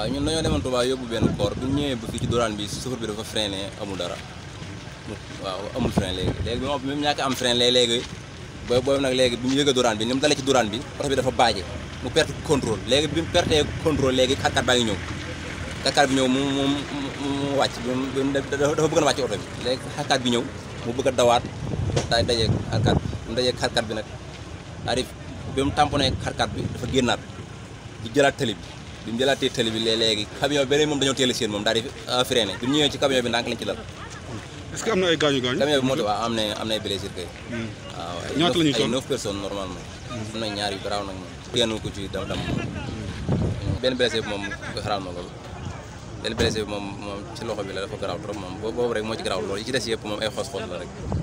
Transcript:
waaw ñun dañoo demoon Touba yóbbu benn koor bu ñëwee ba fii ci doraan bi chauffeur bi dafa freiné amul dara waaw amul frein léegi léegi bi moom même ñàkk am frein léegi léegi booy booy nag léegi bi mu yëgee doraan bi ni mu dalee ci doraan bi oto bi dafa baaje mu perte contrôle léegi bi mu pertee contrôle léegi xarkat baa ngi ñëw xarkat bi ñëw mu mu mu wàcc dafa bëgg a wàcc oto bi léegi xarkat bi ñëw mu bëgg a dawaat daay dajee xarkat bi mu dajee xarkat bi nag arrive bi mu tamponné xarkat bi dafa génnaat di jëlaat tali bi bi mu jëlaat tëli bi léegi camion beneen moom dañoo teel a moom daal di freiné bi ñëwee ci camion bi ndànk lañ ci dal que am na ay gaañu gaañu camion bi moo tax waaw am na am na ay blessure kay hmm. ah, waaw ñaata la ñuy hmm. na ñaar yu garaaw nag moom benn moom xaraal ma loolu benn blessé moom ci loxo bi la dafa garaaw trop moom boobu rek moo ci garaaw loolu ci des yëpp moom ay xoos xoos la rek